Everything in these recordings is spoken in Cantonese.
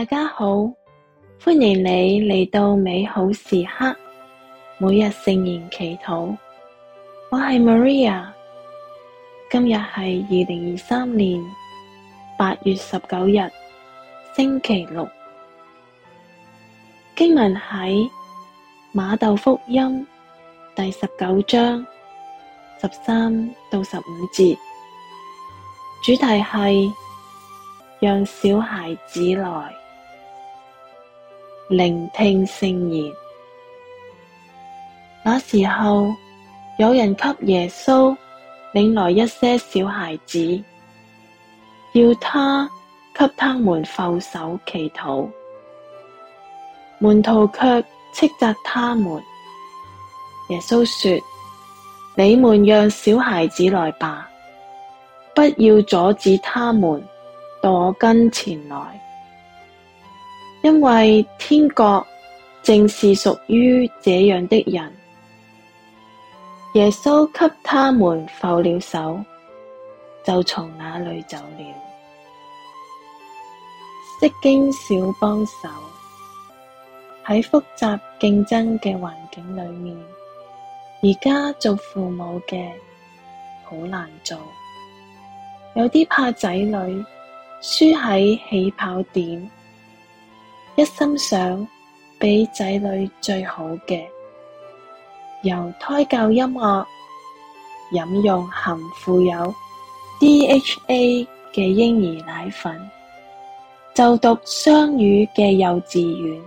大家好，歡迎你嚟到美好時刻。每日聖言祈禱，我係 Maria。今日係二零二三年八月十九日，星期六。經文喺馬竇福音第十九章十三到十五節，主題係讓小孩子來。聆聽聖言。那時候，有人給耶穌領來一些小孩子，要他給他們覆手祈禱。門徒卻斥責他們。耶穌說：你們讓小孩子來吧，不要阻止他們到我跟前來。因為，天國正是屬於這樣的人。耶穌給他們覆了手，就從那裡走了。釋經小幫手。喺複雜競爭嘅環境裡面，而家做父母嘅好難做，有啲怕仔女輸喺起跑點。一心想俾仔女最好嘅，由胎教音樂、飲用含富有 DHA 嘅嬰兒奶粉，就讀雙語嘅幼稚園，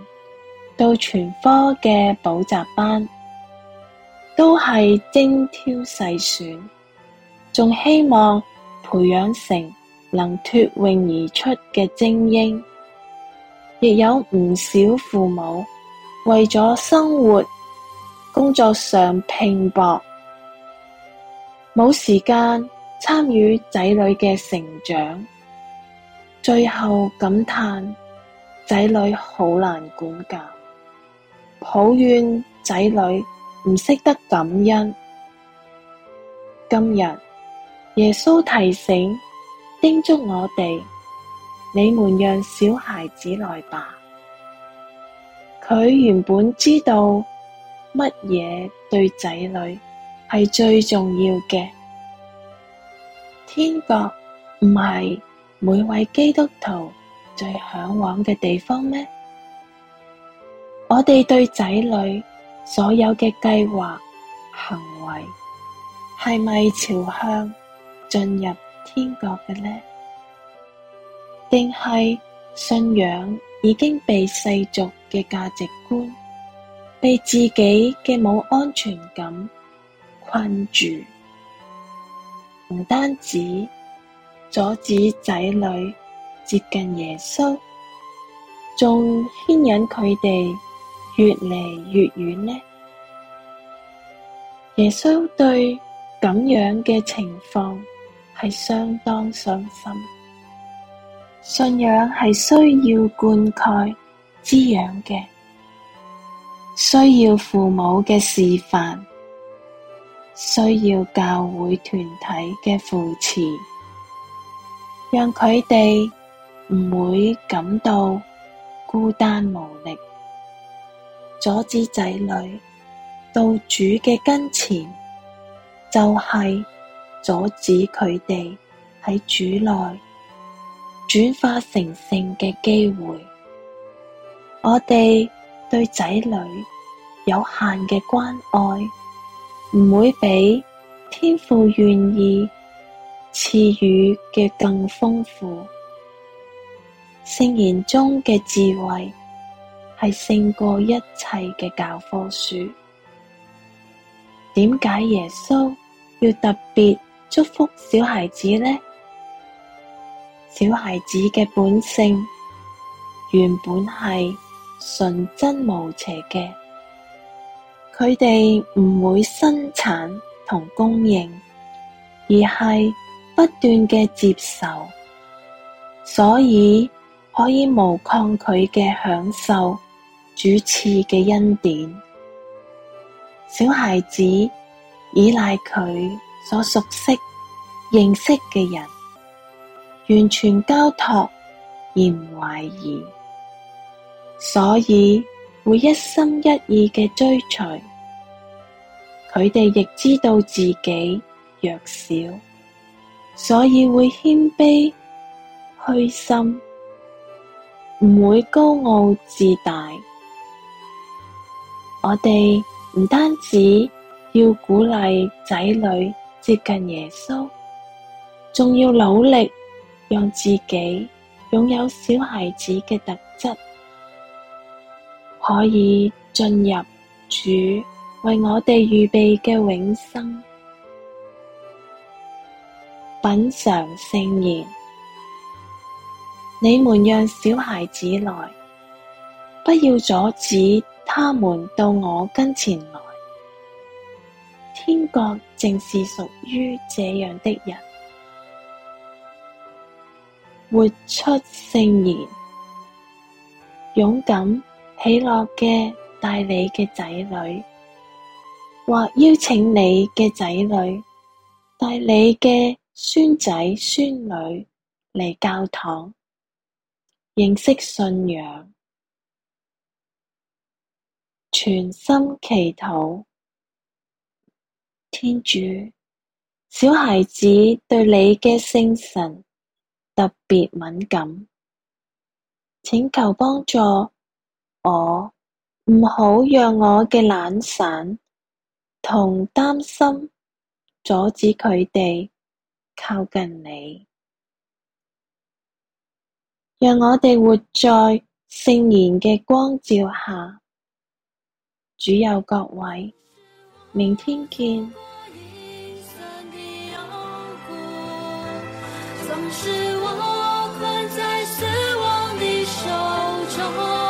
到全科嘅補習班，都係精挑細選，仲希望培養成能脫穎而出嘅精英。亦有唔少父母為咗生活工作上拼搏，冇時間參與仔女嘅成長，最後感嘆仔女好難管教，抱怨仔女唔識得感恩。今日耶穌提醒叮囑我哋。你們讓小孩子來吧。佢原本知道乜嘢對仔女係最重要嘅。天國唔係每位基督徒最嚮往嘅地方咩？我哋對仔女所有嘅計劃、行為係咪朝向進入天國嘅呢？定係信仰已經被世俗嘅價值觀，被自己嘅冇安全感困住，唔單止阻止仔女接近耶穌，仲牽引佢哋越嚟越遠呢？耶穌對咁樣嘅情況係相當傷心。信仰係需要灌溉滋養嘅，需要父母嘅示範，需要教會團體嘅扶持，讓佢哋唔會感到孤單無力。阻止仔女到主嘅跟前，就係、是、阻止佢哋喺主內。轉化成聖嘅機會，我哋對仔女有限嘅關愛，唔會比天父願意賜予嘅更豐富。聖言中嘅智慧係勝過一切嘅教科書。點解耶穌要特別祝福小孩子呢？小孩子嘅本性原本係純真無邪嘅，佢哋唔會生產同供應，而係不斷嘅接受，所以可以無抗拒嘅享受主賜嘅恩典。小孩子依賴佢所熟悉認識嘅人。完全交託而唔懷疑，所以會一心一意嘅追隨。佢哋亦知道自己弱小，所以會謙卑虛心，唔會高傲自大。我哋唔單止要鼓勵仔女接近耶穌，仲要努力。讓自己擁有小孩子嘅特質，可以進入主為我哋預備嘅永生。品嚐聖言，你們讓小孩子來，不要阻止他們到我跟前來。天國正是屬於這樣的人。活出聖言，勇敢喜樂嘅帶你嘅仔女，或邀請你嘅仔女帶你嘅孫仔孫女嚟教堂認識信仰，全心祈禱，天主，小孩子對你嘅聖神。特別敏感，請求幫助我，唔好讓我嘅懶散同擔心阻止佢哋靠近你，讓我哋活在聖言嘅光照下。主佑各位，明天見。總是我困在死亡的手中。